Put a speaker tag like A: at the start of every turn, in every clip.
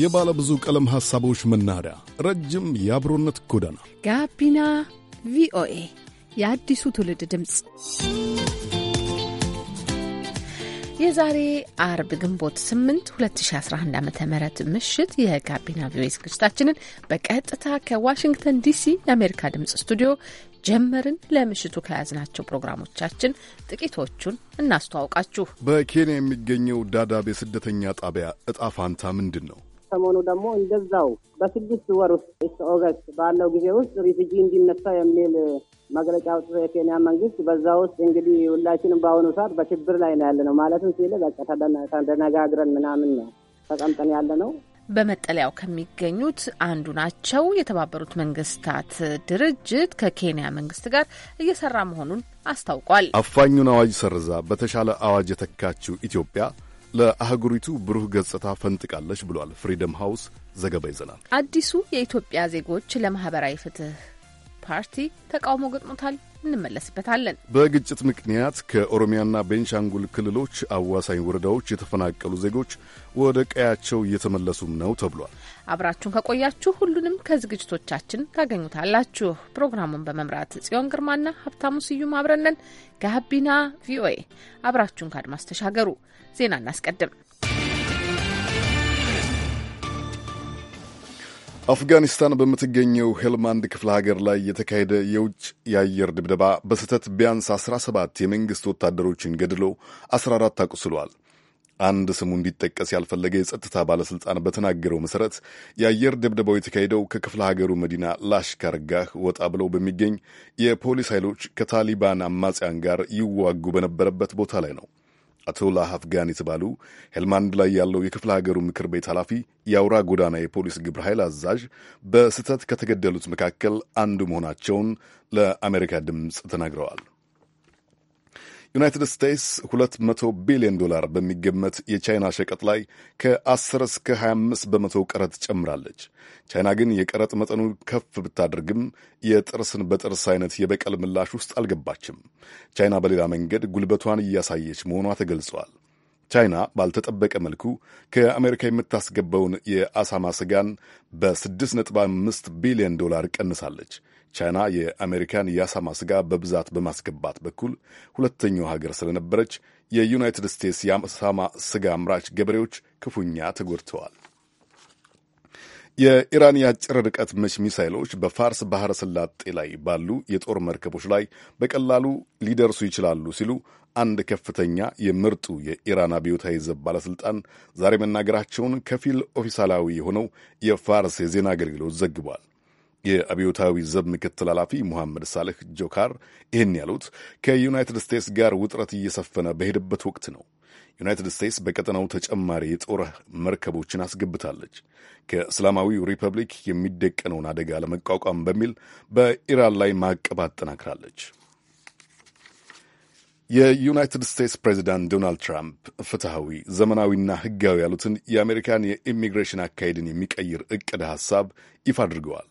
A: የባለ ብዙ ቀለም ሐሳቦች መናኸሪያ፣ ረጅም የአብሮነት ጎዳና
B: ጋቢና ቪኦኤ የአዲሱ ትውልድ ድምፅ። የዛሬ አርብ ግንቦት 8 2011 ዓ ም ምሽት የጋቢና ቪኦኤ ዝግጅታችንን በቀጥታ ከዋሽንግተን ዲሲ የአሜሪካ ድምፅ ስቱዲዮ ጀመርን። ለምሽቱ ከያዝናቸው ፕሮግራሞቻችን ጥቂቶቹን እናስተዋውቃችሁ።
A: በኬንያ የሚገኘው ዳዳቤ ስደተኛ ጣቢያ እጣ ፋንታ ምንድን ነው?
C: ሰሞኑ
D: ደግሞ እንደዛው በስድስት ወር ውስጥ ስ ኦገስት ባለው ጊዜ ውስጥ ሪፍጂ እንዲነሳ የሚል መግለጫ አውጥቶ የኬንያ መንግስት በዛ ውስጥ እንግዲህ ሁላችንም በአሁኑ ሰዓት በችግር ላይ ነው ያለ ነው ማለትም ሲል በቃ ምናምን ነው ተቀምጠን ያለ ነው።
B: በመጠለያው ከሚገኙት አንዱ ናቸው። የተባበሩት መንግስታት ድርጅት ከኬንያ መንግስት ጋር እየሰራ መሆኑን አስታውቋል።
A: አፋኙን አዋጅ ሰርዛ በተሻለ አዋጅ የተካችው ኢትዮጵያ ለአህጉሪቱ ብሩህ ገጽታ ፈንጥቃለች ብሏል። ፍሪደም ሃውስ ዘገባ ይዘናል።
B: አዲሱ የኢትዮጵያ ዜጎች ለማህበራዊ ፍትህ ፓርቲ ተቃውሞ ገጥሞታል። እንመለስበታለን።
A: በግጭት ምክንያት ከኦሮሚያና ቤንሻንጉል ክልሎች አዋሳኝ ወረዳዎች የተፈናቀሉ ዜጎች ወደ ቀያቸው እየተመለሱም ነው ተብሏል።
B: አብራችሁን ከቆያችሁ ሁሉንም ከዝግጅቶቻችን ታገኙታላችሁ። ፕሮግራሙን በመምራት ጽዮን ግርማና ሀብታሙ ስዩም አብረነን ጋቢና ቪኦኤ አብራችሁን ከአድማስ ተሻገሩ። ዜና እናስቀድም።
A: አፍጋኒስታን በምትገኘው ሄልማንድ ክፍለ ሀገር ላይ የተካሄደ የውጭ የአየር ድብደባ በስህተት ቢያንስ 17 የመንግሥት ወታደሮችን ገድሎ 14 አቁስሏል። አንድ ስሙ እንዲጠቀስ ያልፈለገ የጸጥታ ባለሥልጣን በተናገረው መሠረት የአየር ድብደባው የተካሄደው ከክፍለ ሀገሩ መዲና ላሽካር ጋህ ወጣ ብለው በሚገኝ የፖሊስ ኃይሎች ከታሊባን አማጽያን ጋር ይዋጉ በነበረበት ቦታ ላይ ነው። አቶ ላሀፍጋን የተባሉ ሄልማንድ ላይ ያለው የክፍለ ሀገሩ ምክር ቤት ኃላፊ የአውራ ጎዳና የፖሊስ ግብረ ኃይል አዛዥ በስህተት ከተገደሉት መካከል አንዱ መሆናቸውን ለአሜሪካ ድምፅ ተናግረዋል። ዩናይትድ ስቴትስ 200 ቢሊዮን ዶላር በሚገመት የቻይና ሸቀጥ ላይ ከ10 እስከ 25 በመቶ ቀረጥ ጨምራለች። ቻይና ግን የቀረጥ መጠኑ ከፍ ብታደርግም የጥርስን በጥርስ አይነት የበቀል ምላሽ ውስጥ አልገባችም። ቻይና በሌላ መንገድ ጉልበቷን እያሳየች መሆኗ ተገልጿል። ቻይና ባልተጠበቀ መልኩ ከአሜሪካ የምታስገባውን የአሳማ ስጋን በ6.5 ቢሊዮን ዶላር ቀንሳለች። ቻይና የአሜሪካን የአሳማ ስጋ በብዛት በማስገባት በኩል ሁለተኛው ሀገር ስለነበረች የዩናይትድ ስቴትስ የአሳማ ስጋ አምራች ገበሬዎች ክፉኛ ተጎድተዋል። የኢራን የአጭር ርቀት መች ሚሳይሎች በፋርስ ባህረ ስላጤ ላይ ባሉ የጦር መርከቦች ላይ በቀላሉ ሊደርሱ ይችላሉ ሲሉ አንድ ከፍተኛ የምርጡ የኢራን አብዮታዊ ዘብ ባለሥልጣን ዛሬ መናገራቸውን ከፊል ኦፊሳላዊ የሆነው የፋርስ የዜና አገልግሎት ዘግቧል። የአብዮታዊ ዘብ ምክትል ኃላፊ ሙሐመድ ሳልህ ጆካር ይህን ያሉት ከዩናይትድ ስቴትስ ጋር ውጥረት እየሰፈነ በሄደበት ወቅት ነው። ዩናይትድ ስቴትስ በቀጠናው ተጨማሪ የጦር መርከቦችን አስገብታለች። ከእስላማዊ ሪፐብሊክ የሚደቀነውን አደጋ ለመቋቋም በሚል በኢራን ላይ ማዕቀብ አጠናክራለች። የዩናይትድ ስቴትስ ፕሬዚዳንት ዶናልድ ትራምፕ ፍትሐዊ፣ ዘመናዊና ሕጋዊ ያሉትን የአሜሪካን የኢሚግሬሽን አካሄድን የሚቀይር እቅድ ሐሳብ ይፋ አድርገዋል።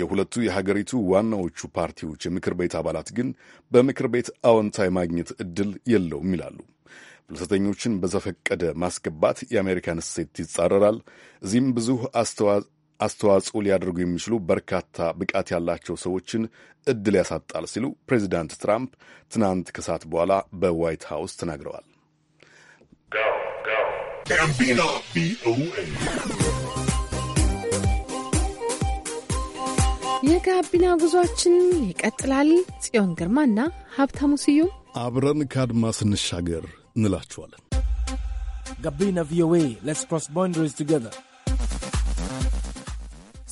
A: የሁለቱ የሀገሪቱ ዋናዎቹ ፓርቲዎች የምክር ቤት አባላት ግን በምክር ቤት አዎንታ የማግኘት ዕድል የለውም ይላሉ። ፍልሰተኞችን በዘፈቀደ ማስገባት የአሜሪካን እሴት ይጻረራል። እዚህም ብዙ አስተዋጽኦ ሊያደርጉ የሚችሉ በርካታ ብቃት ያላቸው ሰዎችን እድል ያሳጣል ሲሉ ፕሬዚዳንት ትራምፕ ትናንት ከሰዓት በኋላ በዋይት ሀውስ ተናግረዋል።
B: የጋቢና ጉዟችን ይቀጥላል። ጽዮን ግርማና ሀብታሙ ስዩም
A: አብረን ከአድማ ስንሻገር እንላችኋለን።
E: ጋቢና ቪኦኤ ሌትስ ክሮስ ቦንደሪስ ቱጌዘር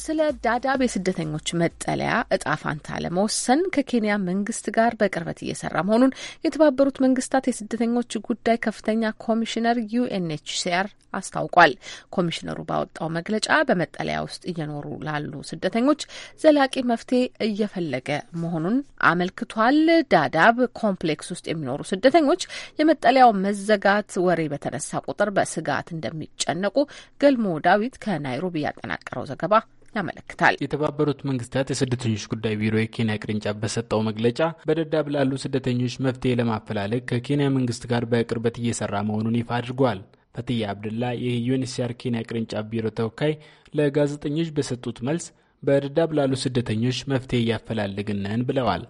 B: ስለ ዳዳብ የስደተኞች መጠለያ እጣ ፋንታ ለመወሰን ከኬንያ መንግስት ጋር በቅርበት እየሰራ መሆኑን የተባበሩት መንግስታት የስደተኞች ጉዳይ ከፍተኛ ኮሚሽነር ዩኤንኤችሲአር አስታውቋል። ኮሚሽነሩ ባወጣው መግለጫ በመጠለያ ውስጥ እየኖሩ ላሉ ስደተኞች ዘላቂ መፍትሄ እየፈለገ መሆኑን አመልክቷል። ዳዳብ ኮምፕሌክስ ውስጥ የሚኖሩ ስደተኞች የመጠለያው መዘጋት ወሬ በተነሳ ቁጥር በስጋት እንደሚጨነቁ ገልሞ ዳዊት ከናይሮቢ ያጠናቀረው ዘገባ
E: ያመለክታል። የተባበሩት መንግስታት የስደተኞች ጉዳይ ቢሮ የኬንያ ቅርንጫፍ በሰጠው መግለጫ በደዳብ ላሉ ስደተኞች መፍትሄ ለማፈላለግ ከኬንያ መንግስት ጋር በቅርበት እየሰራ መሆኑን ይፋ አድርጓል። ፈትያ አብድላ የዩኤንኤችሲአር ኬንያ ቅርንጫፍ ቢሮ ተወካይ ለጋዜጠኞች በሰጡት መልስ በደዳብ ላሉ ስደተኞች መፍትሄ እያፈላለግን
F: ብለዋል።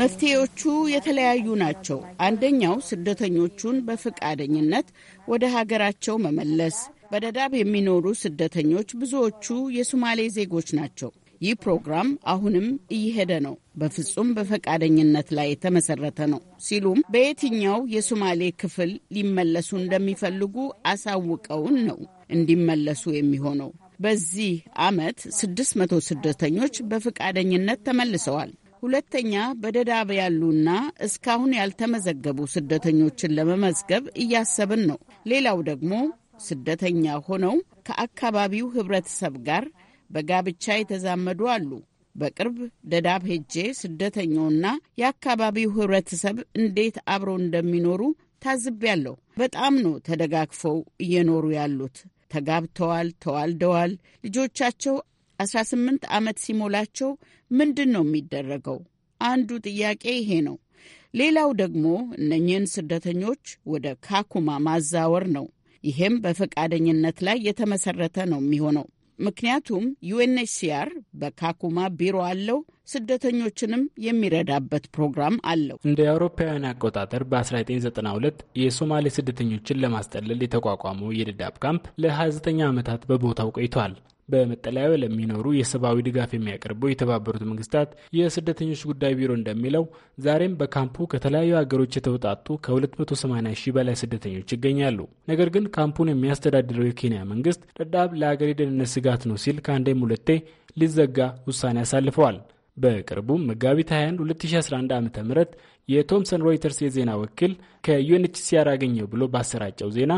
F: መፍትሄዎቹ የተለያዩ ናቸው። አንደኛው ስደተኞቹን በፈቃደኝነት ወደ ሀገራቸው መመለስ። በደዳብ የሚኖሩ ስደተኞች ብዙዎቹ የሱማሌ ዜጎች ናቸው። ይህ ፕሮግራም አሁንም እየሄደ ነው። በፍጹም በፈቃደኝነት ላይ የተመሰረተ ነው ሲሉም በየትኛው የሶማሌ ክፍል ሊመለሱ እንደሚፈልጉ አሳውቀውን ነው እንዲመለሱ የሚሆነው። በዚህ ዓመት 600 ስደተኞች በፈቃደኝነት ተመልሰዋል። ሁለተኛ በደዳብ ያሉና እስካሁን ያልተመዘገቡ ስደተኞችን ለመመዝገብ እያሰብን ነው። ሌላው ደግሞ ስደተኛ ሆነው ከአካባቢው ህብረተሰብ ጋር በጋብቻ የተዛመዱ አሉ። በቅርብ ደዳብ ሄጄ ስደተኛውና የአካባቢው ህብረተሰብ እንዴት አብረው እንደሚኖሩ ታዝቤያለሁ። በጣም ነው ተደጋግፈው እየኖሩ ያሉት። ተጋብተዋል፣ ተዋልደዋል። ልጆቻቸው 18 ዓመት ሲሞላቸው ምንድን ነው የሚደረገው? አንዱ ጥያቄ ይሄ ነው። ሌላው ደግሞ እነኚህን ስደተኞች ወደ ካኩማ ማዛወር ነው። ይሄም በፈቃደኝነት ላይ የተመሰረተ ነው የሚሆነው። ምክንያቱም ዩኤንኤችሲአር በካኩማ ቢሮ አለው። ስደተኞችንም የሚረዳበት ፕሮግራም አለው።
E: እንደ አውሮፓውያን አቆጣጠር በ1992 የሶማሌ ስደተኞችን ለማስጠለል የተቋቋመው የድዳብ ካምፕ ለ29 ዓመታት በቦታው ቆይቷል። በመጠለያው ለሚኖሩ የሰብአዊ ድጋፍ የሚያቀርበው የተባበሩት መንግስታት የስደተኞች ጉዳይ ቢሮ እንደሚለው ዛሬም በካምፑ ከተለያዩ ሀገሮች የተውጣጡ ከ280 ሺህ በላይ ስደተኞች ይገኛሉ። ነገር ግን ካምፑን የሚያስተዳድረው የኬንያ መንግስት ደዳብ ለሀገር የደህንነት ስጋት ነው ሲል ከአንዴም ሁለቴ ሊዘጋ ውሳኔ አሳልፈዋል። በቅርቡም መጋቢት 21 2011 ዓ ም የቶምሰን ሮይተርስ የዜና ወኪል ከዩኤንኤችሲአር አገኘው ብሎ ባሰራጨው ዜና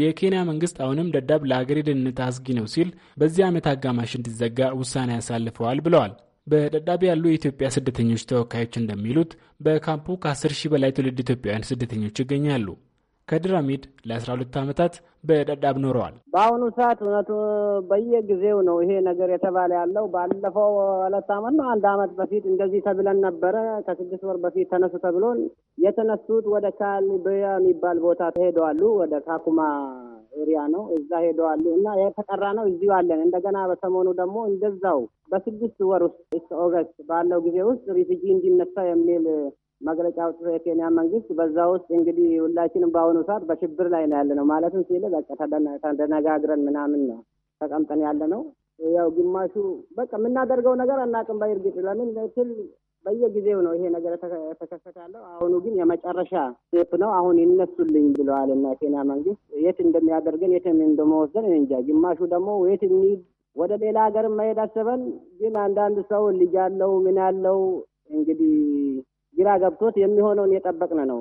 E: የኬንያ መንግስት አሁንም ደዳብ ለአገሬ ደህንነት አስጊ ነው ሲል በዚህ ዓመት አጋማሽ እንዲዘጋ ውሳኔ ያሳልፈዋል ብለዋል። በደዳቤ ያሉ የኢትዮጵያ ስደተኞች ተወካዮች እንደሚሉት በካምፑ ከ10 ሺህ በላይ ትውልድ ኢትዮጵያውያን ስደተኞች ይገኛሉ። ከድራሚድ ለ12 ዓመታት በደዳብ ኖረዋል።
D: በአሁኑ ሰዓት እውነቱ በየጊዜው ነው ይሄ ነገር የተባለ ያለው። ባለፈው ሁለት ዓመት ነው አንድ ዓመት በፊት እንደዚህ ተብለን ነበረ። ከስድስት ወር በፊት ተነሱ ተብሎን የተነሱት ወደ ካልቢያ የሚባል ቦታ ሄደዋሉ። ወደ ካኩማ ኤሪያ ነው እዛ ሄደዋሉ እና የተጠራ ነው እዚሁ አለን። እንደገና በሰሞኑ ደግሞ እንደዛው በስድስት ወር ውስጥ ኦገስት ባለው ጊዜ ውስጥ ሪፊጂ እንዲነሳ የሚል መግለጫ አውጥቶ የኬንያ መንግስት በዛ ውስጥ እንግዲህ ሁላችንም በአሁኑ ሰዓት በሽብር ላይ ነው ያለ ነው ማለትም ሲል በቃ ምናምን ነው ተቀምጠን ያለ ነው። ያው ግማሹ በቃ የምናደርገው ነገር አናቅም በእርግጥ ለምን ስል በየጊዜው ነው ይሄ ነገር የተከሰተ ያለው። አሁኑ ግን የመጨረሻ ስቴፕ ነው። አሁን ይነሱልኝ ብለዋል እና ኬንያ መንግስት የት እንደሚያደርገን የት እንደመወሰን እንጃ። ግማሹ ደግሞ የት እንሂድ ወደ ሌላ ሀገር መሄድ አስበን፣ ግን አንዳንድ ሰው ልጅ ያለው ምን ያለው እንግዲህ ግራ ገብቶት የሚሆነውን የጠበቅን ነው።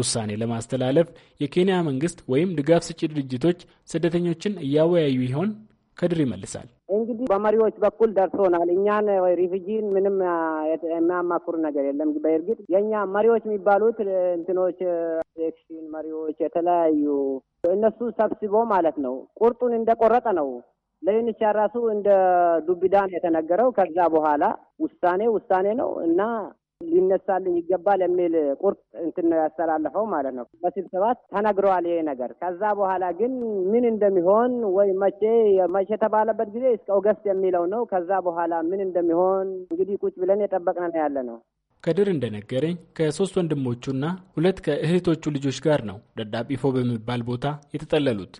E: ውሳኔ ለማስተላለፍ የኬንያ መንግስት ወይም ድጋፍ ሰጪ ድርጅቶች ስደተኞችን እያወያዩ ይሆን? ከድር ይመልሳል።
D: እንግዲህ በመሪዎች በኩል ደርሶናል። እኛን ሪፍጂን ምንም የሚያማክሩ ነገር የለም። በእርግጥ የእኛ መሪዎች የሚባሉት እንትኖች ኤክሽን መሪዎች የተለያዩ እነሱ ሰብስቦ ማለት ነው ቁርጡን እንደቆረጠ ነው ለዩኒቻ ራሱ እንደ ዱቢዳን የተነገረው። ከዛ በኋላ ውሳኔ ውሳኔ ነው እና ሊነሳልኝ ይገባል የሚል ቁርጥ እንትን ነው ያስተላለፈው ማለት ነው። በስብሰባት ተነግረዋል ይሄ ነገር። ከዛ በኋላ ግን ምን እንደሚሆን ወይ መቼ መቼ የተባለበት ጊዜ እስከ ኦገስት የሚለው ነው። ከዛ በኋላ ምን እንደሚሆን እንግዲህ ቁጭ ብለን ነው ያለ
E: ነው። ከድር እንደነገረኝ ከሶስት ወንድሞቹና ሁለት ከእህቶቹ ልጆች ጋር ነው ደዳቢፎ በሚባል ቦታ የተጠለሉት።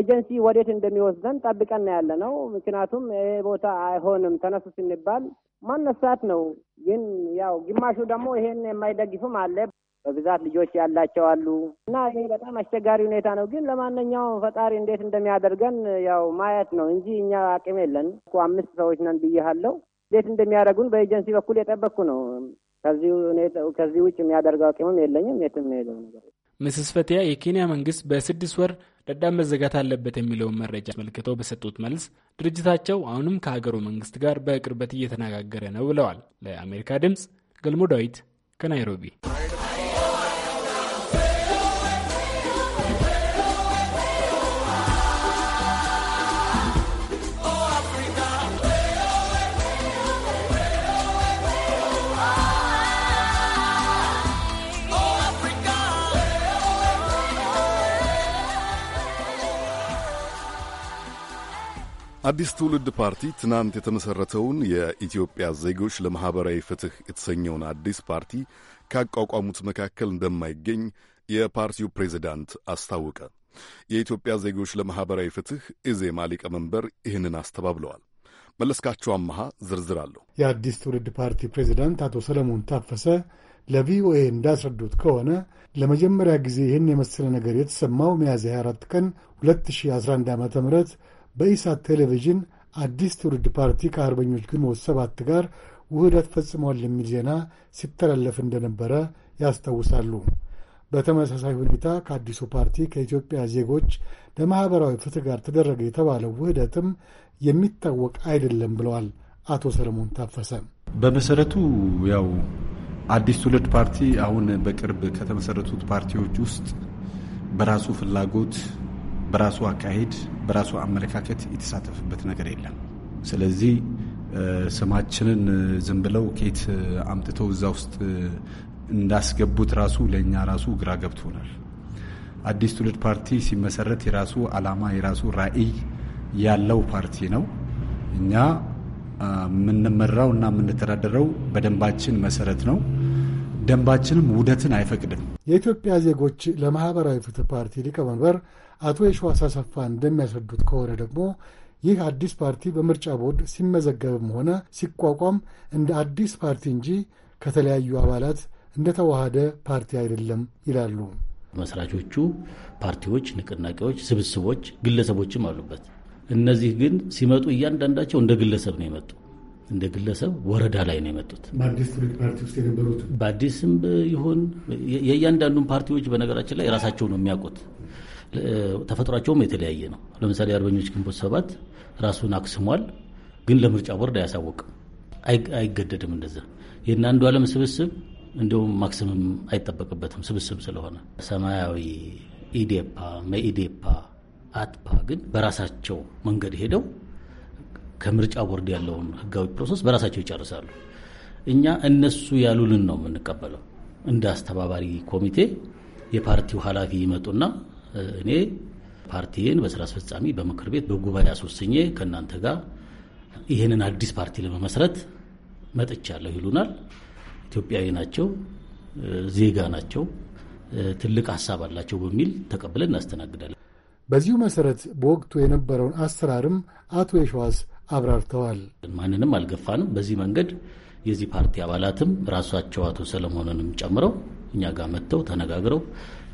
D: ኤጀንሲ ወዴት እንደሚወስደን ጠብቀን ያለ ነው። ምክንያቱም ይሄ ቦታ አይሆንም ተነሱ ስንባል ማነሳት ነው። ግን ያው ግማሹ ደግሞ ይሄን የማይደግፍም አለ። በብዛት ልጆች ያላቸው አሉ እና ይሄ በጣም አስቸጋሪ ሁኔታ ነው። ግን ለማንኛውም ፈጣሪ እንዴት እንደሚያደርገን ያው ማየት ነው እንጂ እኛ አቅም የለን እኮ አምስት ሰዎች ነን ብያለሁ። እንዴት እንደሚያደርጉን በኤጀንሲ በኩል የጠበቅኩ ነው። ከዚህ ውጭ የሚያደርገው አቅምም የለኝም። የትም ሄደው ነገር
E: ምስስ ፈቲያ የኬንያ መንግስት በስድስት ወር ደዳብ መዘጋት አለበት የሚለውን መረጃ አስመልክቶ በሰጡት መልስ ድርጅታቸው አሁንም ከሀገሩ መንግስት ጋር በቅርበት እየተነጋገረ ነው ብለዋል። ለአሜሪካ ድምፅ ገልሞ ዳዊት ከናይሮቢ
A: አዲስ ትውልድ ፓርቲ ትናንት የተመሠረተውን የኢትዮጵያ ዜጎች ለማኅበራዊ ፍትሕ የተሰኘውን አዲስ ፓርቲ ካቋቋሙት መካከል እንደማይገኝ የፓርቲው ፕሬዚዳንት አስታወቀ። የኢትዮጵያ ዜጎች ለማኅበራዊ ፍትሕ ኢዜማ ሊቀመንበር ይህንን አስተባብለዋል። መለስካቸው አመሃ ዝርዝር አለሁ።
G: የአዲስ ትውልድ ፓርቲ ፕሬዚዳንት አቶ ሰለሞን ታፈሰ ለቪኦኤ እንዳስረዱት ከሆነ ለመጀመሪያ ጊዜ ይህን የመሰለ ነገር የተሰማው ሚያዝያ 24 ቀን 2011 ዓ ም በኢሳት ቴሌቪዥን አዲስ ትውልድ ፓርቲ ከአርበኞች ግንቦት ሰባት ጋር ውህደት ፈጽመዋል የሚል ዜና ሲተላለፍ እንደነበረ ያስታውሳሉ። በተመሳሳይ ሁኔታ ከአዲሱ ፓርቲ ከኢትዮጵያ ዜጎች ለማኅበራዊ ፍትሕ ጋር ተደረገ የተባለው ውህደትም የሚታወቅ አይደለም ብለዋል አቶ ሰለሞን ታፈሰ።
H: በመሰረቱ ያው አዲስ ትውልድ ፓርቲ አሁን በቅርብ ከተመሰረቱት ፓርቲዎች ውስጥ በራሱ ፍላጎት በራሱ አካሄድ በራሱ አመለካከት የተሳተፈበት ነገር የለም። ስለዚህ ስማችንን ዝም ብለው ኬት አምጥተው እዛ ውስጥ እንዳስገቡት ራሱ ለእኛ ራሱ ግራ ገብቶናል። አዲስ ትውልድ ፓርቲ ሲመሰረት የራሱ ዓላማ የራሱ ራዕይ ያለው ፓርቲ ነው። እኛ የምንመራው እና የምንተዳደረው በደንባችን መሰረት ነው። ደንባችንም ውደትን አይፈቅድም።
G: የኢትዮጵያ ዜጎች ለማኅበራዊ ፍትህ ፓርቲ ሊቀመንበር አቶ የሸዋስ አሰፋ እንደሚያስረዱት ከሆነ ደግሞ ይህ አዲስ ፓርቲ በምርጫ ቦርድ ሲመዘገብም ሆነ ሲቋቋም እንደ አዲስ ፓርቲ እንጂ ከተለያዩ አባላት እንደተዋሃደ ፓርቲ አይደለም ይላሉ።
I: መስራቾቹ ፓርቲዎች፣ ንቅናቄዎች፣ ስብስቦች፣ ግለሰቦችም አሉበት። እነዚህ ግን ሲመጡ እያንዳንዳቸው እንደ ግለሰብ ነው የመጡ እንደ ግለሰብ ወረዳ ላይ ነው የመጡት። በአዲስም ይሁን የእያንዳንዱን ፓርቲዎች በነገራችን ላይ ራሳቸው ነው የሚያውቁት። ተፈጥሯቸውም የተለያየ ነው። ለምሳሌ አርበኞች ግንቦት ሰባት ራሱን አክስሟል፣ ግን ለምርጫ ቦርድ አያሳወቅም። አይገደድም እንደዛ የእነ አንዱ ስብስብ እንዲሁም ማክስምም አይጠበቅበትም ስብስብ ስለሆነ ሰማያዊ፣ ኢዴፓ፣ መኢዴፓ፣ አጥፓ ግን በራሳቸው መንገድ ሄደው ከምርጫ ቦርድ ያለውን ህጋዊ ፕሮሰስ በራሳቸው ይጨርሳሉ። እኛ እነሱ ያሉልን ነው የምንቀበለው። እንደ አስተባባሪ ኮሚቴ የፓርቲው ኃላፊ ይመጡና እኔ ፓርቲን በስራ አስፈጻሚ በምክር ቤት በጉባኤ አስወስኜ ከእናንተ ጋር ይህንን አዲስ ፓርቲ ለመመስረት መጥቻለሁ ይሉናል። ኢትዮጵያዊ ናቸው፣ ዜጋ ናቸው፣ ትልቅ ሀሳብ አላቸው በሚል ተቀብለን እናስተናግዳለን።
G: በዚሁ መሰረት በወቅቱ የነበረውን አሰራርም አቶ የሸዋስ አብራርተዋል።
I: ማንንም አልገፋንም። በዚህ መንገድ የዚህ ፓርቲ አባላትም ራሳቸው አቶ ሰለሞንንም ጨምረው እኛ ጋር መጥተው ተነጋግረው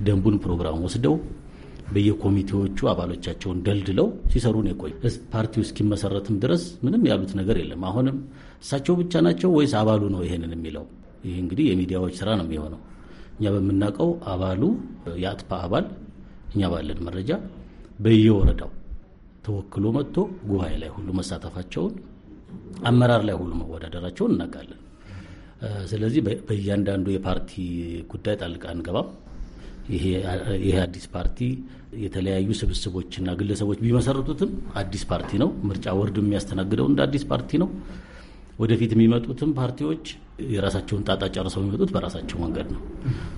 I: ደንቡን ፕሮግራም ወስደው በየኮሚቴዎቹ አባሎቻቸውን ደልድለው ሲሰሩን የቆዩ ፓርቲው እስኪመሰረትም ድረስ ምንም ያሉት ነገር የለም። አሁንም እሳቸው ብቻ ናቸው ወይስ አባሉ ነው ይሄንን የሚለው? ይህ እንግዲህ የሚዲያዎች ስራ ነው የሚሆነው። እኛ በምናውቀው አባሉ የአጥፓ አባል እኛ ባለን መረጃ በየወረዳው ተወክሎ መጥቶ ጉባኤ ላይ ሁሉ መሳተፋቸውን አመራር ላይ ሁሉ መወዳደራቸውን እናውቃለን። ስለዚህ በእያንዳንዱ የፓርቲ ጉዳይ ጣልቃ አንገባም። ይሄ አዲስ ፓርቲ የተለያዩ ስብስቦችና ግለሰቦች ቢመሰረቱትም አዲስ ፓርቲ ነው። ምርጫ ወርድ የሚያስተናግደው እንደ አዲስ ፓርቲ ነው። ወደፊት የሚመጡትም ፓርቲዎች የራሳቸውን ጣጣ ጨርሰው የሚመጡት በራሳቸው መንገድ ነው።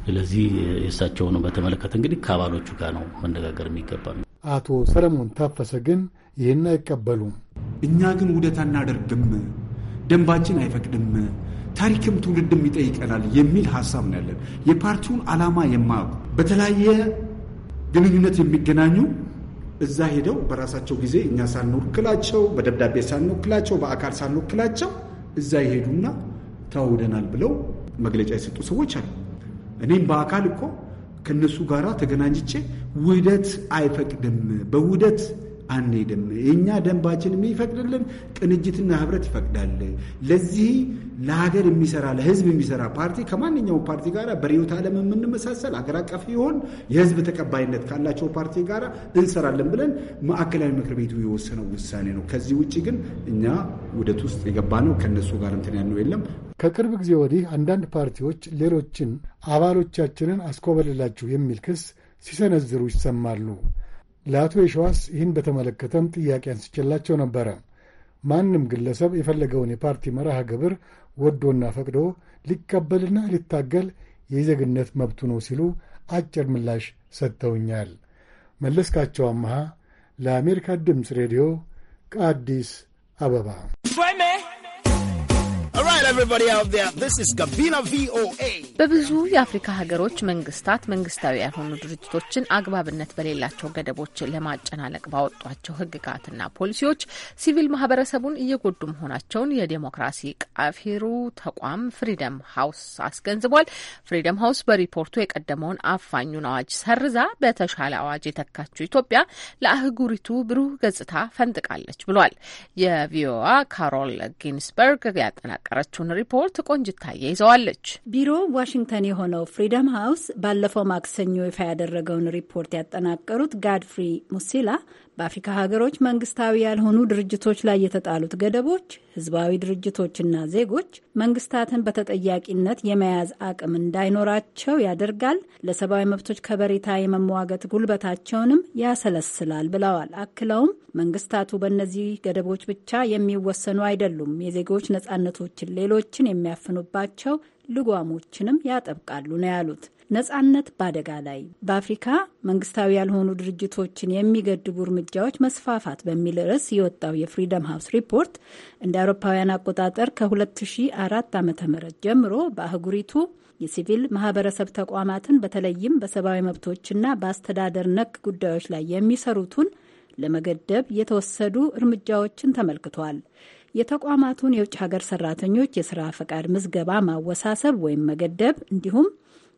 I: ስለዚህ የእሳቸውን በተመለከተ እንግዲህ ከአባሎቹ ጋር ነው መነጋገር የሚገባ ነው።
G: አቶ ሰለሞን ታፈሰ ግን ይህን አይቀበሉም። እኛ ግን ውደት አናደርግም፣ ደንባችን አይፈቅድም፣ ታሪክም
H: ትውልድም ይጠይቀናል የሚል ሀሳብ ነው ያለን። የፓርቲውን ዓላማ የማያውቁ በተለያየ ግንኙነት የሚገናኙ እዛ ሄደው በራሳቸው ጊዜ እኛ ሳንወክላቸው፣ በደብዳቤ ሳንወክላቸው፣ በአካል ሳንወክላቸው እዛ ይሄዱና ተዋውደናል ብለው መግለጫ የሰጡ ሰዎች አሉ። እኔም በአካል እኮ ከነሱ ጋር ተገናኝቼ ውህደት አይፈቅድም። በውህደት አንሄድም። የእኛ ደንባችን የሚፈቅድልን ቅንጅትና ህብረት ይፈቅዳል። ለዚህ ለሀገር የሚሰራ ለህዝብ የሚሰራ ፓርቲ ከማንኛውም ፓርቲ ጋር በርዕዮተ ዓለም የምንመሳሰል አገር አቀፍ ይሆን የህዝብ ተቀባይነት ካላቸው ፓርቲ ጋር እንሰራለን ብለን ማዕከላዊ ምክር ቤቱ የወሰነው ውሳኔ ነው። ከዚህ ውጭ ግን እኛ ውደት ውስጥ የገባ ነው ከእነሱ ጋር እንትን ያልነው የለም።
G: ከቅርብ ጊዜ ወዲህ አንዳንድ ፓርቲዎች ሌሎችን አባሎቻችንን አስኮበልላችሁ የሚል ክስ ሲሰነዝሩ ይሰማሉ። ለአቶ የሸዋስ ይህን በተመለከተም ጥያቄ አንስቼላቸው ነበረ። ማንም ግለሰብ የፈለገውን የፓርቲ መርሃ ግብር ወዶና ፈቅዶ ሊቀበልና ሊታገል የዜግነት መብቱ ነው ሲሉ አጭር ምላሽ ሰጥተውኛል። መለስካቸው አመሃ ለአሜሪካ ድምፅ ሬዲዮ ከአዲስ አበባ
B: በብዙ የአፍሪካ ሀገሮች መንግስታት መንግስታዊ ያልሆኑ ድርጅቶችን አግባብነት በሌላቸው ገደቦች ለማጨናነቅ ባወጧቸው ህግጋትና ፖሊሲዎች ሲቪል ማህበረሰቡን እየጎዱ መሆናቸውን የዴሞክራሲ ቃፊሩ ተቋም ፍሪደም ሀውስ አስገንዝቧል። ፍሪደም ሀውስ በሪፖርቱ የቀደመውን አፋኙን አዋጅ ሰርዛ በተሻለ አዋጅ የተካችው ኢትዮጵያ ለአህጉሪቱ ብሩህ ገጽታ ፈንጥቃለች ብሏል። የቪኦኤ ካሮል ጊንስበርግ ያጠናቀረች የላከችውን ሪፖርት ቆንጅታየ
J: ይዘዋለች። ቢሮ ዋሽንግተን የሆነው ፍሪደም ሀውስ ባለፈው ማክሰኞ ይፋ ያደረገውን ሪፖርት ያጠናቀሩት ጋድፍሪ ሙሲላ በአፍሪካ ሀገሮች መንግስታዊ ያልሆኑ ድርጅቶች ላይ የተጣሉት ገደቦች ህዝባዊ ድርጅቶችና ዜጎች መንግስታትን በተጠያቂነት የመያዝ አቅም እንዳይኖራቸው ያደርጋል፣ ለሰብአዊ መብቶች ከበሬታ የመሟገት ጉልበታቸውንም ያሰለስላል ብለዋል። አክለውም መንግስታቱ በእነዚህ ገደቦች ብቻ የሚወሰኑ አይደሉም፣ የዜጎች ነጻነቶችን ሌሎችን የሚያፍኑባቸው ልጓሞችንም ያጠብቃሉ ነው ያሉት። ነጻነት በአደጋ ላይ በአፍሪካ መንግስታዊ ያልሆኑ ድርጅቶችን የሚገድቡ እርምጃዎች መስፋፋት በሚል ርዕስ የወጣው የፍሪደም ሀውስ ሪፖርት እንደ አውሮፓውያን አቆጣጠር ከ2004 ም ጀምሮ በአህጉሪቱ የሲቪል ማህበረሰብ ተቋማትን በተለይም በሰብአዊ መብቶችና በአስተዳደር ነክ ጉዳዮች ላይ የሚሰሩትን ለመገደብ የተወሰዱ እርምጃዎችን ተመልክቷል። የተቋማቱን የውጭ ሀገር ሰራተኞች የስራ ፈቃድ ምዝገባ ማወሳሰብ ወይም መገደብ እንዲሁም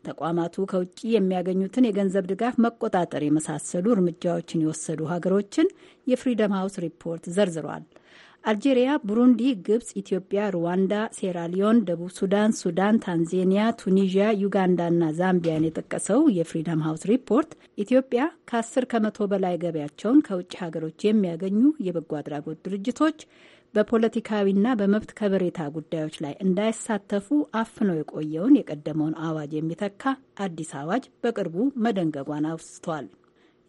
J: ተቋማቱ ከውጭ የሚያገኙትን የገንዘብ ድጋፍ መቆጣጠር የመሳሰሉ እርምጃዎችን የወሰዱ ሀገሮችን የፍሪደም ሃውስ ሪፖርት ዘርዝሯል። አልጄሪያ፣ ቡሩንዲ፣ ግብጽ፣ ኢትዮጵያ፣ ሩዋንዳ፣ ሴራሊዮን፣ ደቡብ ሱዳን፣ ሱዳን፣ ታንዜኒያ፣ ቱኒዥያ፣ ዩጋንዳና ዛምቢያን የጠቀሰው የፍሪደም ሃውስ ሪፖርት ኢትዮጵያ ከ10 ከመቶ በላይ ገቢያቸውን ከውጭ ሀገሮች የሚያገኙ የበጎ አድራጎት ድርጅቶች በፖለቲካዊና በመብት ከበሬታ ጉዳዮች ላይ እንዳይሳተፉ አፍኖ የቆየውን የቀደመውን አዋጅ የሚተካ አዲስ አዋጅ በቅርቡ መደንገጓን አውስቷል።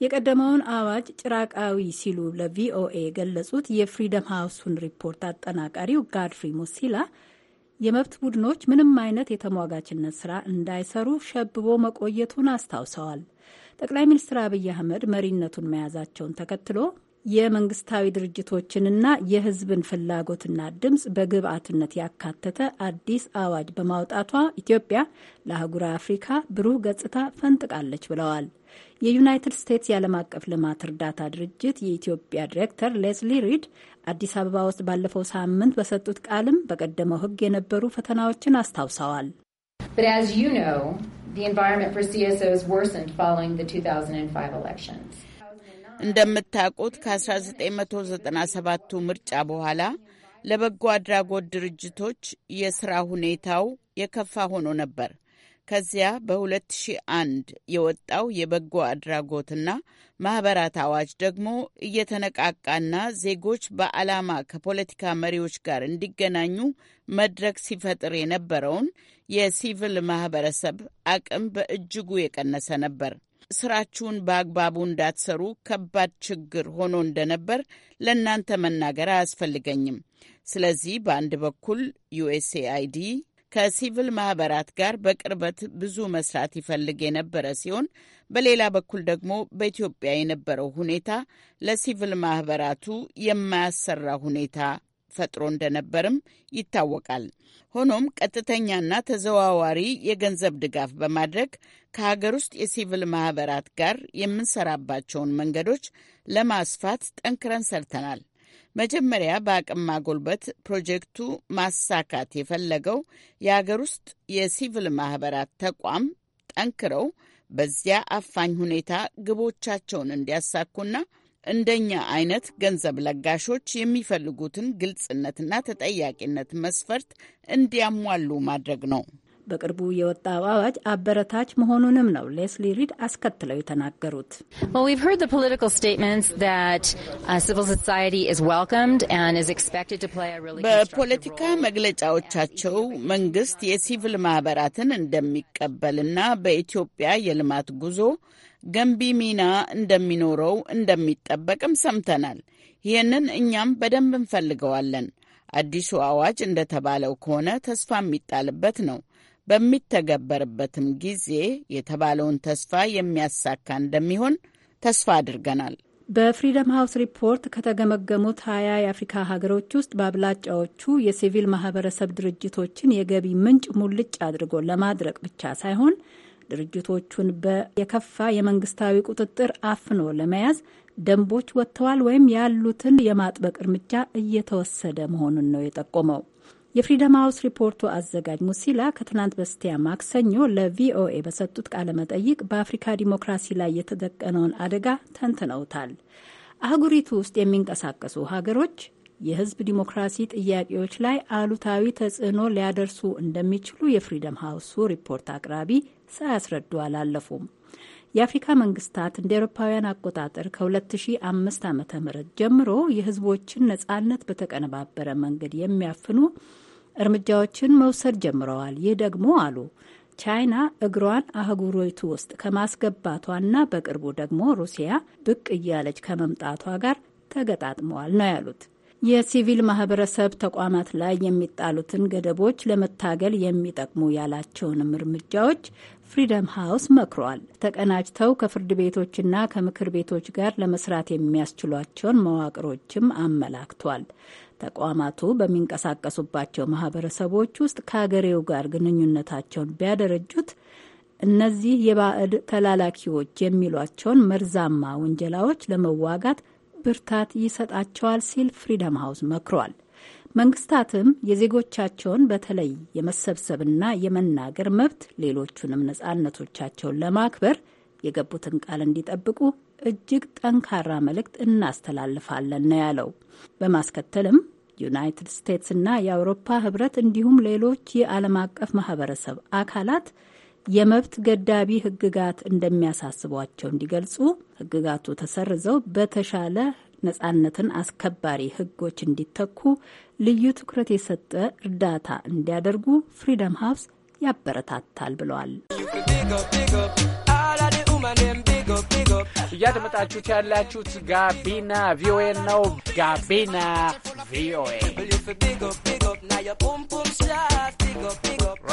J: የቀደመውን አዋጅ ጭራቃዊ ሲሉ ለቪኦኤ የገለጹት የፍሪደም ሃውሱን ሪፖርት አጠናቃሪው ጋድፍሪ ሙሲላ የመብት ቡድኖች ምንም አይነት የተሟጋችነት ስራ እንዳይሰሩ ሸብቦ መቆየቱን አስታውሰዋል። ጠቅላይ ሚኒስትር አብይ አህመድ መሪነቱን መያዛቸውን ተከትሎ የመንግስታዊ ድርጅቶችንና የህዝብን ፍላጎትና ድምፅ በግብአትነት ያካተተ አዲስ አዋጅ በማውጣቷ ኢትዮጵያ ለአህጉረ አፍሪካ ብሩህ ገጽታ ፈንጥቃለች ብለዋል። የዩናይትድ ስቴትስ የዓለም አቀፍ ልማት እርዳታ ድርጅት የኢትዮጵያ ዲሬክተር ሌስሊ ሪድ አዲስ አበባ ውስጥ ባለፈው ሳምንት በሰጡት ቃልም በቀደመው ህግ የነበሩ ፈተናዎችን
F: አስታውሰዋል። ስ እንደምታውቁት ከ1997ቱ ምርጫ በኋላ ለበጎ አድራጎት ድርጅቶች የሥራ ሁኔታው የከፋ ሆኖ ነበር። ከዚያ በ2001 የወጣው የበጎ አድራጎትና ማኅበራት አዋጅ ደግሞ እየተነቃቃና ዜጎች በዓላማ ከፖለቲካ መሪዎች ጋር እንዲገናኙ መድረክ ሲፈጥር የነበረውን የሲቪል ማኅበረሰብ አቅም በእጅጉ የቀነሰ ነበር። ስራችሁን በአግባቡ እንዳትሰሩ ከባድ ችግር ሆኖ እንደነበር ለእናንተ መናገር አያስፈልገኝም። ስለዚህ በአንድ በኩል ዩኤስኤአይዲ ከሲቪል ማህበራት ጋር በቅርበት ብዙ መስራት ይፈልግ የነበረ ሲሆን በሌላ በኩል ደግሞ በኢትዮጵያ የነበረው ሁኔታ ለሲቪል ማህበራቱ የማያሰራ ሁኔታ ፈጥሮ እንደነበርም ይታወቃል። ሆኖም ቀጥተኛና ተዘዋዋሪ የገንዘብ ድጋፍ በማድረግ ከሀገር ውስጥ የሲቪል ማህበራት ጋር የምንሰራባቸውን መንገዶች ለማስፋት ጠንክረን ሰርተናል። መጀመሪያ በአቅም ማጎልበት ፕሮጀክቱ ማሳካት የፈለገው የሀገር ውስጥ የሲቪል ማህበራት ተቋም ጠንክረው በዚያ አፋኝ ሁኔታ ግቦቻቸውን እንዲያሳኩና እንደኛ አይነት ገንዘብ ለጋሾች የሚፈልጉትን ግልጽነትና ተጠያቂነት መስፈርት እንዲያሟሉ ማድረግ ነው። በቅርቡ የወጣው አዋጅ አበረታች መሆኑንም ነው ሌስሊ ሪድ አስከትለው የተናገሩት። uh, በፖለቲካ መግለጫዎቻቸው መንግስት የሲቪል ማህበራትን እንደሚቀበልና በኢትዮጵያ የልማት ጉዞ ገንቢ ሚና እንደሚኖረው እንደሚጠበቅም ሰምተናል። ይህንን እኛም በደንብ እንፈልገዋለን። አዲሱ አዋጅ እንደተባለው ከሆነ ተስፋ የሚጣልበት ነው። በሚተገበርበትም ጊዜ የተባለውን ተስፋ የሚያሳካ እንደሚሆን ተስፋ አድርገናል።
J: በፍሪደም ሀውስ ሪፖርት ከተገመገሙት ሀያ የአፍሪካ ሀገሮች ውስጥ በአብላጫዎቹ የሲቪል ማህበረሰብ ድርጅቶችን የገቢ ምንጭ ሙልጭ አድርጎ ለማድረቅ ብቻ ሳይሆን ድርጅቶቹን በየከፋ የመንግስታዊ ቁጥጥር አፍኖ ለመያዝ ደንቦች ወጥተዋል ወይም ያሉትን የማጥበቅ እርምጃ እየተወሰደ መሆኑን ነው የጠቆመው። የፍሪደም ሀውስ ሪፖርቱ አዘጋጅ ሙሲላ ከትናንት በስቲያ ማክሰኞ ለቪኦኤ በሰጡት ቃለ መጠይቅ በአፍሪካ ዲሞክራሲ ላይ የተደቀነውን አደጋ ተንትነውታል። አህጉሪቱ ውስጥ የሚንቀሳቀሱ ሀገሮች የህዝብ ዲሞክራሲ ጥያቄዎች ላይ አሉታዊ ተጽዕኖ ሊያደርሱ እንደሚችሉ የፍሪደም ሀውሱ ሪፖርት አቅራቢ ሳያስረዱ አላለፉም። የአፍሪካ መንግስታት እንደ ኤሮፓውያን አቆጣጠር ከ2005 ዓ ም ጀምሮ የህዝቦችን ነጻነት በተቀነባበረ መንገድ የሚያፍኑ እርምጃዎችን መውሰድ ጀምረዋል። ይህ ደግሞ አሉ ቻይና እግሯን አህጉሮይቱ ውስጥ ከማስገባቷና በቅርቡ ደግሞ ሩሲያ ብቅ እያለች ከመምጣቷ ጋር ተገጣጥመዋል ነው ያሉት። የሲቪል ማህበረሰብ ተቋማት ላይ የሚጣሉትን ገደቦች ለመታገል የሚጠቅሙ ያላቸውንም እርምጃዎች ፍሪደም ሃውስ መክሯል። ተቀናጅተው ከፍርድ ቤቶችና ከምክር ቤቶች ጋር ለመስራት የሚያስችሏቸውን መዋቅሮችም አመላክቷል። ተቋማቱ በሚንቀሳቀሱባቸው ማህበረሰቦች ውስጥ ከሀገሬው ጋር ግንኙነታቸውን ቢያደረጁት እነዚህ የባዕድ ተላላኪዎች የሚሏቸውን መርዛማ ውንጀላዎች ለመዋጋት ብርታት ይሰጣቸዋል ሲል ፍሪደም ሀውስ መክሯል። መንግስታትም የዜጎቻቸውን በተለይ የመሰብሰብና የመናገር መብት ሌሎቹንም ነጻነቶቻቸውን ለማክበር የገቡትን ቃል እንዲጠብቁ እጅግ ጠንካራ መልእክት እናስተላልፋለን ነው ያለው። በማስከተልም ዩናይትድ ስቴትስና የአውሮፓ ህብረት እንዲሁም ሌሎች የዓለም አቀፍ ማህበረሰብ አካላት የመብት ገዳቢ ህግጋት እንደሚያሳስቧቸው እንዲገልጹ ህግጋቱ ተሰርዘው በተሻለ ነጻነትን አስከባሪ ህጎች እንዲተኩ ልዩ ትኩረት የሰጠ እርዳታ እንዲያደርጉ ፍሪደም ሀውስ ያበረታታል ብለዋል።
E: እያደመጣችሁት ያላችሁት ጋቢና ቪኦኤ ነው። ጋቢና ቪኦኤ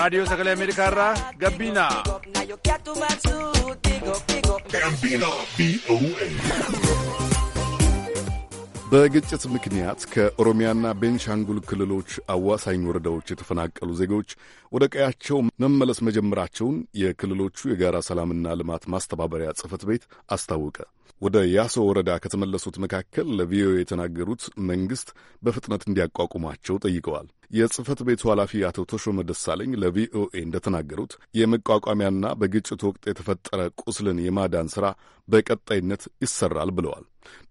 H: raadiyoo sagalee ameerikaa irraa gabbiina.
A: በግጭት ምክንያት ከኦሮሚያና ቤንሻንጉል ክልሎች አዋሳኝ ወረዳዎች የተፈናቀሉ ዜጎች ወደ ቀያቸው መመለስ መጀመራቸውን የክልሎቹ የጋራ ሰላምና ልማት ማስተባበሪያ ጽህፈት ቤት አስታወቀ። ወደ ያሶ ወረዳ ከተመለሱት መካከል ለቪኦኤ የተናገሩት መንግሥት በፍጥነት እንዲያቋቁማቸው ጠይቀዋል። የጽህፈት ቤቱ ኃላፊ አቶ ተሾመ ደሳለኝ ለቪኦኤ እንደተናገሩት የመቋቋሚያና በግጭት ወቅት የተፈጠረ ቁስልን የማዳን ስራ በቀጣይነት ይሰራል ብለዋል።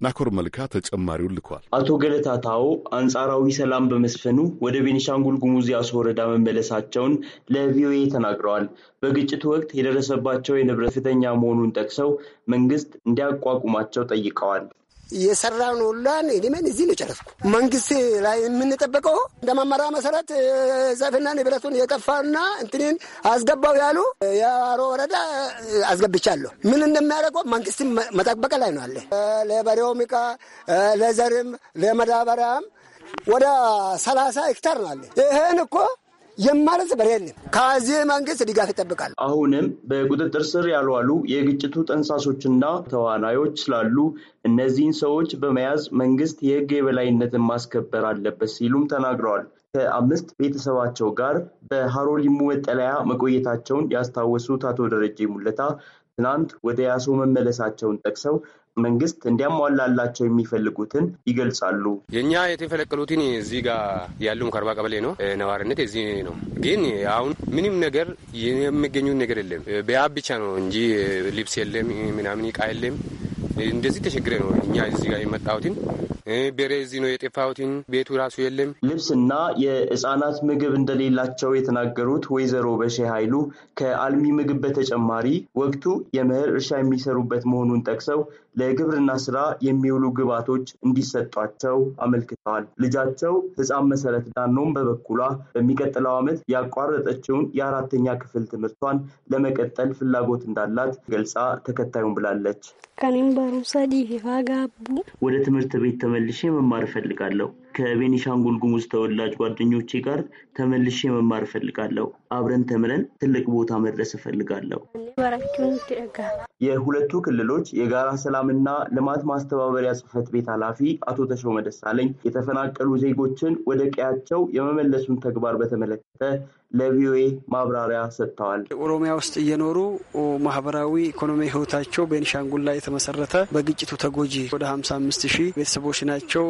A: ናኮር መልካ ተጨማሪውን ልኳል።
K: አቶ ገለታ ታዎ አንጻራዊ ሰላም በመስፈኑ ወደ ቤኒሻንጉል ጉሙዝ የአሶ ወረዳ መመለሳቸውን ለቪኦኤ ተናግረዋል። በግጭቱ ወቅት የደረሰባቸው የንብረት ከፍተኛ መሆኑን ጠቅሰው መንግስት እንዲያቋቁማቸው ጠይቀዋል።
C: የሰራን ሁላን እድሜን እዚህ ነው ጨረስኩ። መንግስት ላይ የምንጠበቀው እንደ መመሪያ መሰረት ጸፍና ንብረቱን የጠፋና እንትንን አስገባው ያሉ የአሮ ወረዳ አስገብቻለሁ። ምን እንደሚያደርገው መንግስት መጠበቅ ላይ ነው አለ ለበሬውም ዕቃ ለዘርም ለመዳበሪያም ወደ ሰላሳ ሄክታር ነው አለ ይህን እኮ የማለት በር የለም። ከዚህ መንግስት ድጋፍ ይጠብቃል።
K: አሁንም በቁጥጥር ስር ያልዋሉ የግጭቱ ጠንሳሶችና ተዋናዮች ስላሉ እነዚህን ሰዎች በመያዝ መንግስት የህግ የበላይነትን ማስከበር አለበት ሲሉም ተናግረዋል። ከአምስት ቤተሰባቸው ጋር በሀሮሊሙ መጠለያ መቆየታቸውን ያስታወሱት አቶ ደረጀ ሙለታ ትናንት ወደ ያሶ መመለሳቸውን ጠቅሰው መንግስት እንዲያሟላላቸው የሚፈልጉትን ይገልጻሉ።
H: የእኛ የተፈለቀሉትን እዚህ ጋር ያሉ ከአርባ ቀበሌ ነው ነዋሪነት እዚህ ነው። ግን አሁን ምንም ነገር የሚገኙ ነገር የለም። በያብ ብቻ ነው እንጂ ልብስ የለም ምናምን እቃ የለም። እንደዚህ ተቸግረ ነው እኛ እዚህ ጋር የመጣሁትን ቤሬ እዚህ ነው የጠፋሁትን። ቤቱ ራሱ የለም።
K: ልብስና የህፃናት ምግብ እንደሌላቸው የተናገሩት ወይዘሮ በሼ ኃይሉ ከአልሚ ምግብ በተጨማሪ ወቅቱ የምህር እርሻ የሚሰሩበት መሆኑን ጠቅሰው ለግብርና ስራ የሚውሉ ግብዓቶች እንዲሰጧቸው አመልክተዋል። ልጃቸው ህፃን መሰረት ዳኖም በበኩሏ በሚቀጥለው ዓመት ያቋረጠችውን የአራተኛ ክፍል ትምህርቷን ለመቀጠል ፍላጎት እንዳላት ገልጻ ተከታዩን ብላለች። ወደ ትምህርት ቤት ተመልሼ መማር እፈልጋለሁ። ከቤኒሻንጉል ጉሙዝ ተወላጅ ጓደኞቼ ጋር ተመልሼ መማር እፈልጋለሁ። አብረን ተምረን ትልቅ ቦታ መድረስ እፈልጋለሁ። የሁለቱ ክልሎች የጋራ ሰላምና ልማት ማስተባበሪያ ጽህፈት ቤት ኃላፊ አቶ ተሾመ ደሳለኝ የተፈናቀሉ ዜጎችን ወደ ቀያቸው የመመለሱን ተግባር በተመለከተ ለቪኦኤ ማብራሪያ ሰጥተዋል።
C: ኦሮሚያ ውስጥ እየኖሩ ማህበራዊ ኢኮኖሚ ህይወታቸው ቤንሻንጉል ላይ የተመሰረተ በግጭቱ ተጎጂ ወደ ሀምሳ አምስት ሺህ ቤተሰቦች ናቸው።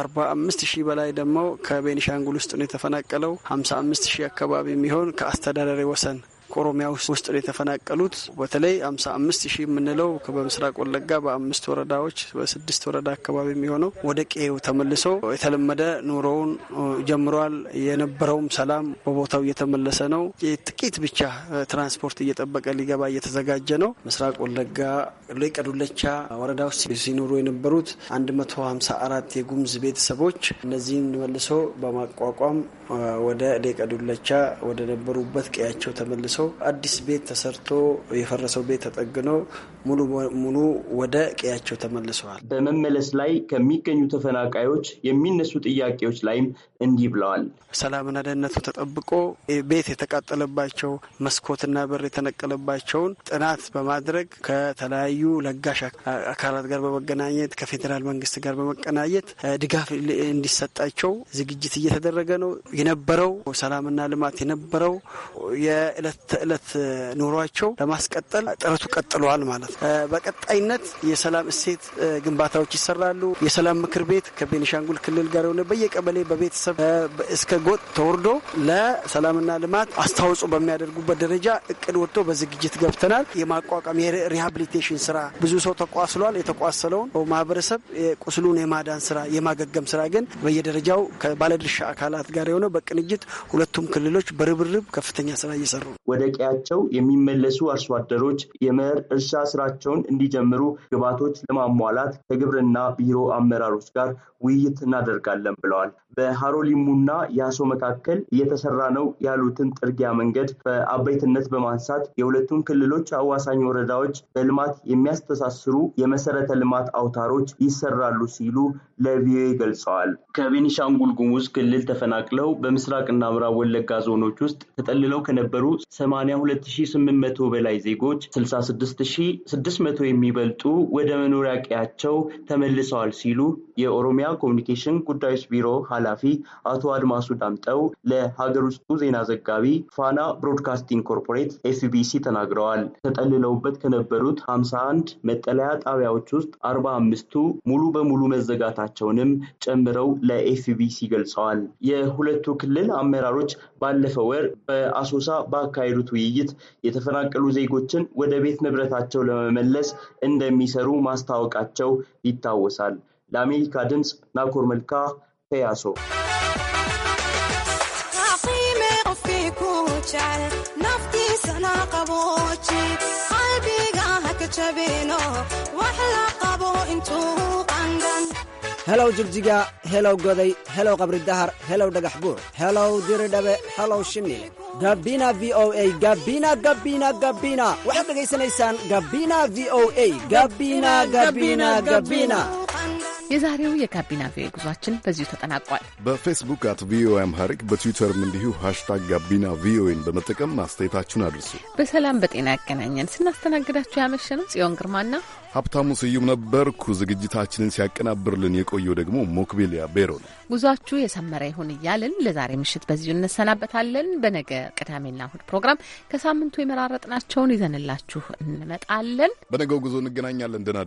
C: አርባ አምስት ሺህ በላይ ደግሞ ከቤንሻንጉል ውስጥ ነው የተፈናቀለው። ሀምሳ አምስት ሺህ አካባቢ የሚሆን ከአስተዳደሪ ወሰን ከኦሮሚያ ውስጥ ነው የተፈናቀሉት። በተለይ አምሳ አምስት ሺህ የምንለው በምስራቅ ወለጋ በአምስት ወረዳዎች በስድስት ወረዳ አካባቢ የሚሆነው ወደ ቀዬው ተመልሶ የተለመደ ኑሮውን ጀምረዋል። የነበረውም ሰላም በቦታው እየተመለሰ ነው። ጥቂት ብቻ ትራንስፖርት እየጠበቀ ሊገባ እየተዘጋጀ ነው። ምስራቅ ወለጋ ቀዱለቻ ወረዳ ውስጥ ሲኖሩ የነበሩት 154 የጉምዝ ቤተሰቦች እነዚህን መልሶ በማቋቋም ወደ ሌቀዱለቻ ወደ ነበሩበት ቀያቸው ተመልሶ ሰው አዲስ ቤት ተሰርቶ የፈረሰው ቤት ተጠግኖ ሙሉ በሙሉ ወደ ቀያቸው ተመልሰዋል። በመመለስ ላይ ከሚገኙ ተፈናቃዮች
K: የሚነሱ ጥያቄዎች ላይም እንዲህ ብለዋል።
C: ሰላምና ደህንነቱ ተጠብቆ ቤት የተቃጠለባቸው መስኮትና በር የተነቀለባቸውን ጥናት በማድረግ ከተለያዩ ለጋሽ አካላት ጋር በመገናኘት ከፌዴራል መንግስት ጋር በመቀናየት ድጋፍ እንዲሰጣቸው ዝግጅት እየተደረገ ነው። የነበረው ሰላምና ልማት የነበረው የዕለት ተዕለት ኑሯቸው ለማስቀጠል ጥረቱ ቀጥለዋል ማለት ነው። በቀጣይነት የሰላም እሴት ግንባታዎች ይሰራሉ። የሰላም ምክር ቤት ከቤኒሻንጉል ክልል ጋር የሆነ በየቀበሌ በቤተሰብ እስከ ጎጥ ተወርዶ ለሰላምና ልማት አስተዋጽኦ በሚያደርጉበት ደረጃ እቅድ ወጥቶ በዝግጅት ገብተናል። የማቋቋም የሪሃብሊቴሽን ስራ ብዙ ሰው ተቋስሏል። የተቋሰለውን ማህበረሰብ ቁስሉን የማዳን ስራ የማገገም ስራ ግን በየደረጃው ከባለድርሻ አካላት ጋር የሆነ በቅንጅት ሁለቱም ክልሎች በርብርብ ከፍተኛ ስራ እየሰሩ ነው። ወደ
K: ቀያቸው የሚመለሱ አርሶ አደሮች የመኸር እርሻ ስራቸውን እንዲጀምሩ ግባቶች ለማሟላት ከግብርና ቢሮ አመራሮች ጋር ውይይት እናደርጋለን ብለዋል። በሃሮሊሙና ያሶ መካከል እየተሰራ ነው ያሉትን ጥርጊያ መንገድ በአበይትነት በማንሳት የሁለቱን ክልሎች አዋሳኝ ወረዳዎች በልማት የሚያስተሳስሩ የመሰረተ ልማት አውታሮች ይሰራሉ ሲሉ ለቪኦኤ ገልጸዋል። ከቤኒሻንጉል ጉሙዝ ክልል ተፈናቅለው በምስራቅና ምዕራብ ወለጋ ዞኖች ውስጥ ተጠልለው ከነበሩ 82800 በላይ ዜጎች 66600 የሚበልጡ ወደ መኖሪያ ቀያቸው ተመልሰዋል ሲሉ የኦሮሚያ ኮሚኒኬሽን ጉዳዮች ቢሮ ኃላፊ ኃላፊ አቶ አድማሱ ዳምጠው ለሀገር ውስጡ ዜና ዘጋቢ ፋና ብሮድካስቲንግ ኮርፖሬት ኤፍቢሲ ተናግረዋል። ተጠልለውበት ከነበሩት 51 መጠለያ ጣቢያዎች ውስጥ 45ቱ ሙሉ በሙሉ መዘጋታቸውንም ጨምረው ለኤፍቢሲ ገልጸዋል። የሁለቱ ክልል አመራሮች ባለፈው ወር በአሶሳ ባካሄዱት ውይይት የተፈናቀሉ ዜጎችን ወደ ቤት ንብረታቸው ለመመለስ እንደሚሰሩ ማስታወቃቸው ይታወሳል። ለአሜሪካ ድምፅ ናኮር መልካ heeso
C: helow jigjiga helow goday helow qabri dahar helow dhagax buur helow diridhabe helow shimi gabina v o a gabina gabina gabina waxaad dhegaysanaysaan gabina v o a
B: gabina gabina gabina የዛሬው የጋቢና ቪኦኤ ጉዟችን በዚሁ ተጠናቋል።
A: በፌስቡክ አት ቪኦኤ አምሃሪክ በትዊተርም እንዲሁ ሃሽታግ ጋቢና ቪኦኤን በመጠቀም አስተያየታችሁን አድርሱ።
B: በሰላም በጤና ያገናኘን። ስናስተናግዳችሁ ያመሸነው ጽዮን ግርማና
A: ሀብታሙ ስዩም ነበርኩ። ዝግጅታችንን ሲያቀናብርልን የቆየው ደግሞ ሞክቤሊያ ቤሮ ነው።
B: ጉዟችሁ የሰመረ ይሁን እያልን ለዛሬ ምሽት በዚሁ እንሰናበታለን። በነገ ቅዳሜና እሁድ ፕሮግራም ከሳምንቱ የመራረጥናቸውን ይዘንላችሁ እንመጣለን።
A: በነገው ጉዞ እንገናኛለን። ደህና